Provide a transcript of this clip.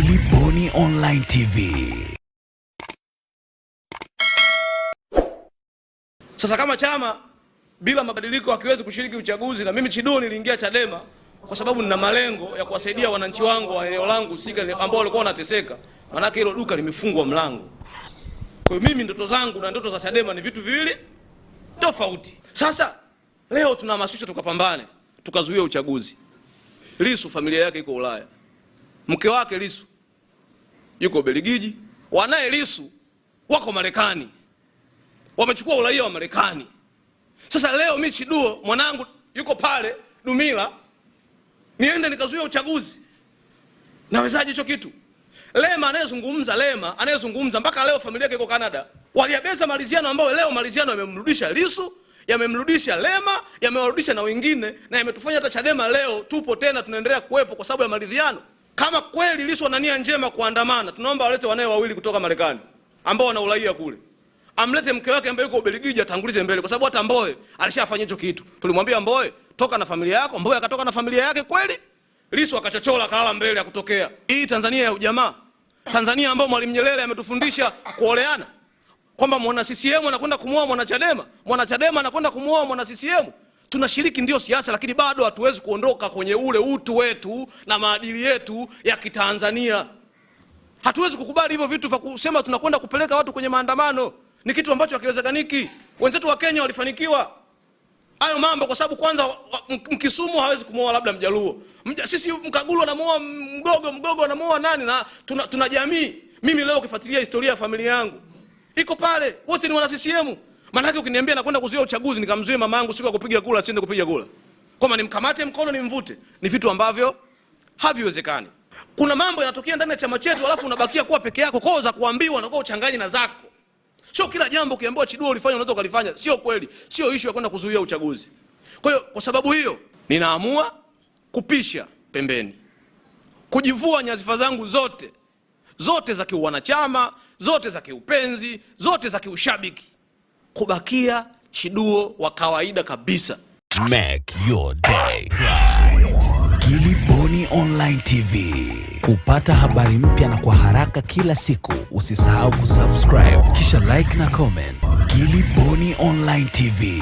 Daily Boni Online TV. Sasa kama chama bila mabadiliko hakiwezi kushiriki uchaguzi, na mimi Chiduo niliingia Chadema kwa sababu nina malengo ya kuwasaidia wananchi wangu wa eneo langu husika ambao walikuwa wanateseka, maanake hilo duka limefungwa mlango. Kwa hiyo mimi ndoto zangu na ndoto za Chadema ni vitu viwili tofauti. Sasa leo tunahamasisha tukapambane, tukazuia uchaguzi. Lisu familia yake iko Ulaya, mke wake Lisu yuko Ubelgiji, wanaye Lisu wako Marekani, wamechukua uraia wa Marekani. Sasa leo Michi Duo mwanangu yuko pale Dumila, niende nikazuia uchaguzi? Nawezaje hicho kitu? Lema anayezungumza Lema anayezungumza mpaka leo familia yake iko Canada, waliabeza maliziano ambayo leo maliziano yamemrudisha Lisu, yamemrudisha Lema yamewarudisha na wengine na yametufanya hata Chadema leo tupo tena tunaendelea kuwepo kwa sababu ya maliziano. Kama kweli Lissu ana nia njema kuandamana, tunaomba walete wanae wawili kutoka Marekani ambao wana uraia kule, amlete mke wake ambaye yuko Ubelgiji, atangulize mbele, kwa sababu hata Mboe alishafanya hicho kitu. Tulimwambia Mboe, toka na familia yako. Mboe akatoka na familia yake kweli, Lissu akachochola akalala mbele ya kutokea. Hii Tanzania ya ujamaa, Tanzania ambao Mwalimu Nyerere ametufundisha kuoleana, kwamba mwana CCM anakwenda kumuoa mwana Chadema, mwana Chadema anakwenda kumuoa mwana CCM tunashiriki ndio siasa, lakini bado hatuwezi kuondoka kwenye ule utu wetu na maadili yetu ya Kitanzania. Hatuwezi kukubali hivyo vitu vya kusema tunakwenda kupeleka watu kwenye maandamano, ni kitu ambacho hakiwezekaniki. Wenzetu wa Kenya walifanikiwa hayo mambo kwa sababu kwanza, Mkisumu hawezi kumwoa labda Mjaluo, Mja, sisi Mkagulu anamuoa Mgogo, Mgogo anamuoa nani, na tuna, tuna jamii. Mimi leo ukifuatilia historia ya familia yangu iko pale, wote ni wana CCM. Maanake ukiniambia nakwenda kuzuia uchaguzi, nikamzuia mama yangu siku ya kupiga kula siende kupiga kura, kwamba nimkamate mkono nimvute, ni vitu ambavyo haviwezekani. Kuna mambo yanatokea ndani ya chama chetu, alafu unabakia kuwa peke yako, koo za kuambiwa nakuwa uchanganye na zako. Sio kila jambo ukiambiwa chidua ulifanya unaweza ukalifanya, sio kweli, sio ishu ya kwenda kuzuia uchaguzi. Kwa hiyo kwa sababu hiyo ninaamua kupisha pembeni, kujivua nyazifa zangu zote zote za kiuwanachama, zote za kiupenzi, zote za kiushabiki kubakia chiduo wa kawaida kabisa. Make your day right. Gilly Bonny Online TV. Kupata habari mpya na kwa haraka kila siku, usisahau kusubscribe kisha like na comment. Gilly Bonny Online TV.